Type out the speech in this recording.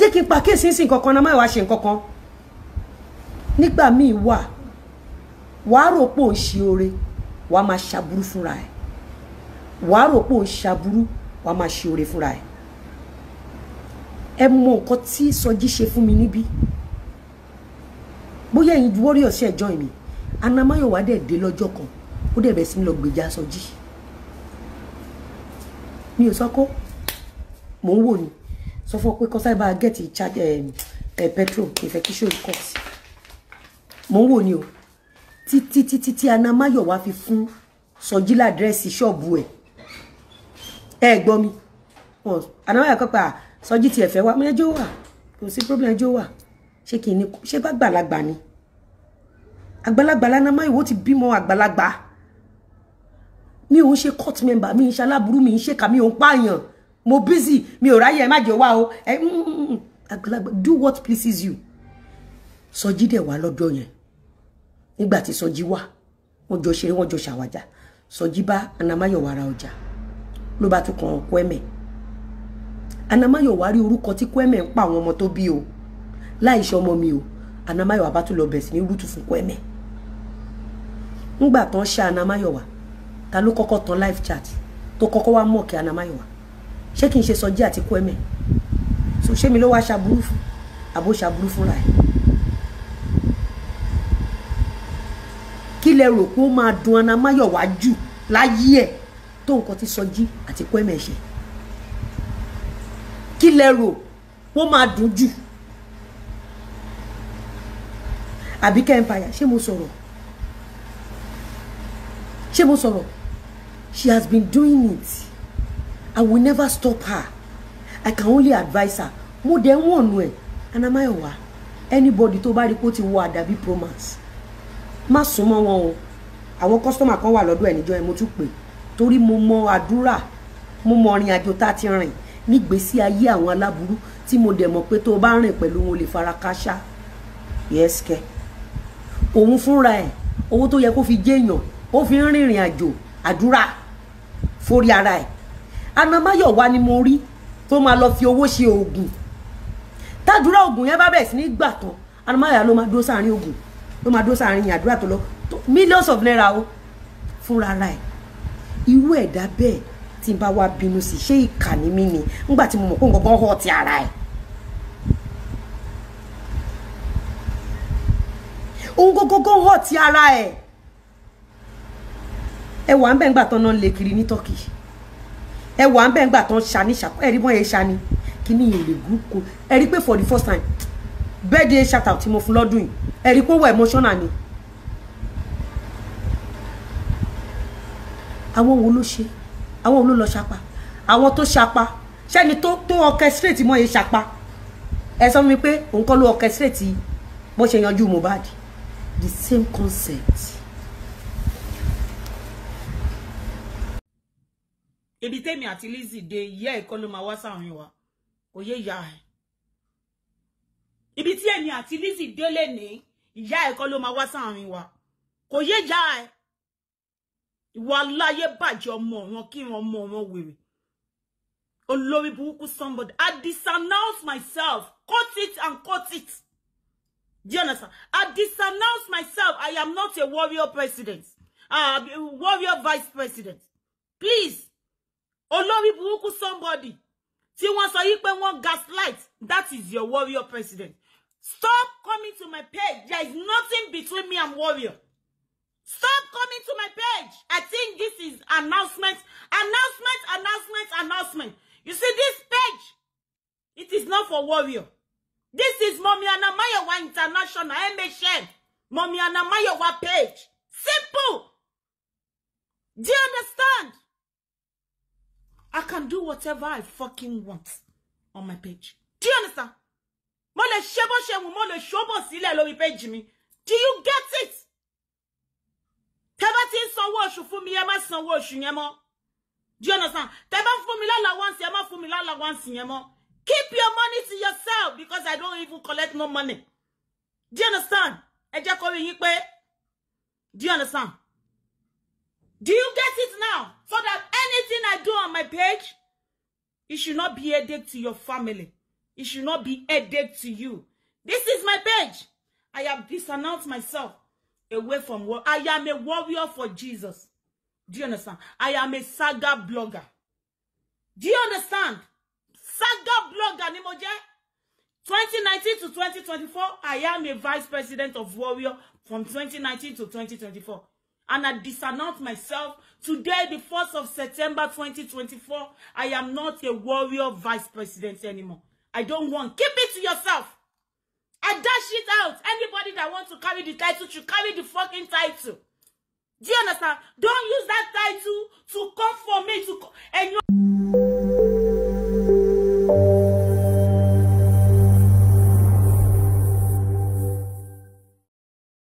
jẹ́ kí n pa kéèsì sí nǹkan kan náà má wàá ṣe nǹkan kan nígbà míì wà wàá rò pò ń ṣe oore wàá máa ṣàbúrú fúnra ẹ̀ wàá rò pò ń ṣàbúrú wàá máa ṣe oore fúnra ẹ̀ ẹ mọ nǹkan tí sọjí ṣe fún mi níbí bóyá ẹ̀yin warriors ṣe join mi anamáyọ̀wá dẹ̀ dé lọ́jọ́ kan ó dẹ̀ bẹ̀rẹ̀ sí lọ gbèjà sọjí mi ò sọ́kọ́ mò ń wò ni sọ fún ọ pé kọ́sá ìbá gẹ̀ẹ́tì charge eh, eh, petrol kò fẹ́ kí cost. kọ̀ sí mò ti ti ti o títí títí tí anamáyọ̀wá fi fún sọjí ládírẹ́sì ṣọ́ọ̀bù ẹ̀ ẹ gbọ́ mi anamáyọ̀ kọ́pà ah, sọjí tiẹ̀ fẹ́ wá mo ẹjọ́ wà kò sí problem ẹjọ́ wa. ṣé kì í ní ṣé bá gbàlagbà ni àgbàlagbà lanamáyọ̀wó ti bímọ àgbàlagbà mi ò ń court member mi inshallah buru mi ń kami kà mi ò mo busy mi ò ráyè ẹ má jẹ́ wá o ẹ mm, mm, mm, àgbàlagbà do what pleases you Sọjí dẹ̀ wá lọ́dọ̀ yẹn nígbà tí Sọjí wá wọ́n jọ ṣeré wọ́n jọ ṣàwàjà Sọjí bá Anamáyọ̀wá ra ọjà ló bá tún kàn Kwẹ́mẹ̀ Anamáyọ̀wá rí orúkọ tí Kwẹ́mẹ̀ ń pa àwọn ọmọ tó bí o láì ṣe ọmọ mi o Anamáyọ̀wá bá tún lọ bẹ̀ sí ní rútù fún Kwẹ́mẹ̀ ńgbà tán ṣe Anamáyọ̀wá ta ló kọ́kọ́ tan live chat tó kọ́kọ́ wá mọ̀ọ́kẹ́ Anamáyọ̀wá ṣé kì í ṣe Sọjí àti Kwẹ́mẹ̀ so ṣé mi ló wá ṣàbúrú fún àbó ṣàbúrú fúnra ẹ̀ kí lẹ rò pé ó máa dùn anamáyọ̀wá jù láyé ẹ̀ tó nǹkan tí Sọjí àti Kwẹ́mẹ̀ ṣe kí lẹ rò ó máa dùn jù Àbíkẹ́ empire ṣé mo sọ̀rọ̀ ṣé mo sọ̀rọ̀ she has been doing it. I will never stop her. I can only advise her. Mo dẹ̀ one way. ẹ̀ Anamáyọ̀wá anybody tó bá rí kó ti wọ àdàbí promax má súnmọ́ wọn o àwọn kọ́sítọ́mà kan wà lọ́dọ̀ ẹ̀ níjọ́ ẹ̀ mo tún pè torí mo mọ àdúrà mo mọ ọ̀rìn àjò tá a ti rìn nígbèésí ayé àwọn aláburú tí mo dẹ̀ mọ̀ pé tó o bá rìn pẹ̀lú wọn ò lè fara káṣá yẹ́sìkẹ́ òun fúnra ẹ̀ owó tó yẹ kó anamáyọ̀wá ni mo rí tó máa lọ fi owó ṣe oògùn tádúrà oògùn yẹn bá bẹ̀rẹ̀ sí ní gbà tán anamáyọ̀wá ló máa dúró sáàrin oògùn ló máa dúró sáàrin àdúrà tó lọ millions of naira o fúnra ra ẹ̀ irú ẹ̀dá bẹ́ẹ̀ tí n bá wá bínú sí ṣé ìkà ni mí ni nígbà tí mo mọ̀ pé nǹkan kan họ ti ara ẹ̀. ohun gógógó họ ti ara ẹ̀. ẹ wà ń bẹ̀ ń gbà tán náà lè kiri ní Turkey ẹ wà ń bẹ̀ ń gbà tán ṣani ṣàpọ̀ ẹ̀rí mọ́ ẹ ṣani kí ni ìyẹn lè gún kó ẹ rí pé for the first time birthday shout out tí mo fún lọ́dún yìí ẹ rí pé ó wà emotional ni. àwọn wo ló ṣe àwọn wo ló lọ ṣapa àwọn tó ṣapa ṣẹ́ni tó tó orchestrate mọ́ ẹ ṣapa ẹ sọ mi pé òun kọ́ ló orchestrate bó ṣe yanjú Mohbad the same concept. ibi tèmi àti Lizzy dé ìyá ẹ̀ kọ́ ló máa wá sáàrin wa kò yé ìyá ẹ̀ ibi tí èmi àti Lizzy dé lè ní ìyá ẹ̀ kọ́ ló máa wá sáàrin wa kò yé ìyá ẹ̀ ìwà aláyé bàjẹ́ ọmọ ọ̀ràn kíran ọmọ ọ̀ràn wèrè olórí burúkú somebody I disannounce myself cut it and cut it do I disannounce myself I am not a warrior president uh, warrior vice president please olórí burúkú somebody tí wọ́n sọ yí pé wọ́n gaslight that is your warrior president stop coming to my page there is nothing between me and warrior stop coming to my page i think this is announcement announcement announcement announcement you see this page it is not for warrior this is Mummy Anamayowa international mhm Mummy Anamayowa page simple. can do whatever I fucking want on my page. Do you understand? Mo le ṣe shemu ṣe wù, mo lè ṣọ́bọ̀ sílẹ̀ lórí page mi. Do you get it? Tẹ́ bá ti ń sanwó oṣù fún mi, ẹ má sanwó oṣù yẹn mọ́. Do you understand? Tẹ́ bá fún mi lọ́la once, ẹ má fún mi lọ́la once yẹn mọ́. Keep your money to yourself because I don't even collect no money. Do you understand? Ẹ jẹ́ kó rí yín Do you understand? Do you get it now? So on my page. It should not be headache to your family. It should not be headache to you. This is my page. I have disannounced myself away from war. I am a warrior for Jesus. Do you understand? I am a saga blogger. Do you understand? Saga blogger ni mo jẹ́. 2019 to 2024, I am a vice president of Warrior from 2019 to 2024 and I disannounce myself. Today, the 1st of September 2024, I am not a warrior vice president anymore. I don't want. Keep it to yourself. I dash it out. Anybody that wants to carry the title should carry the fucking title. Do you understand? Don't use that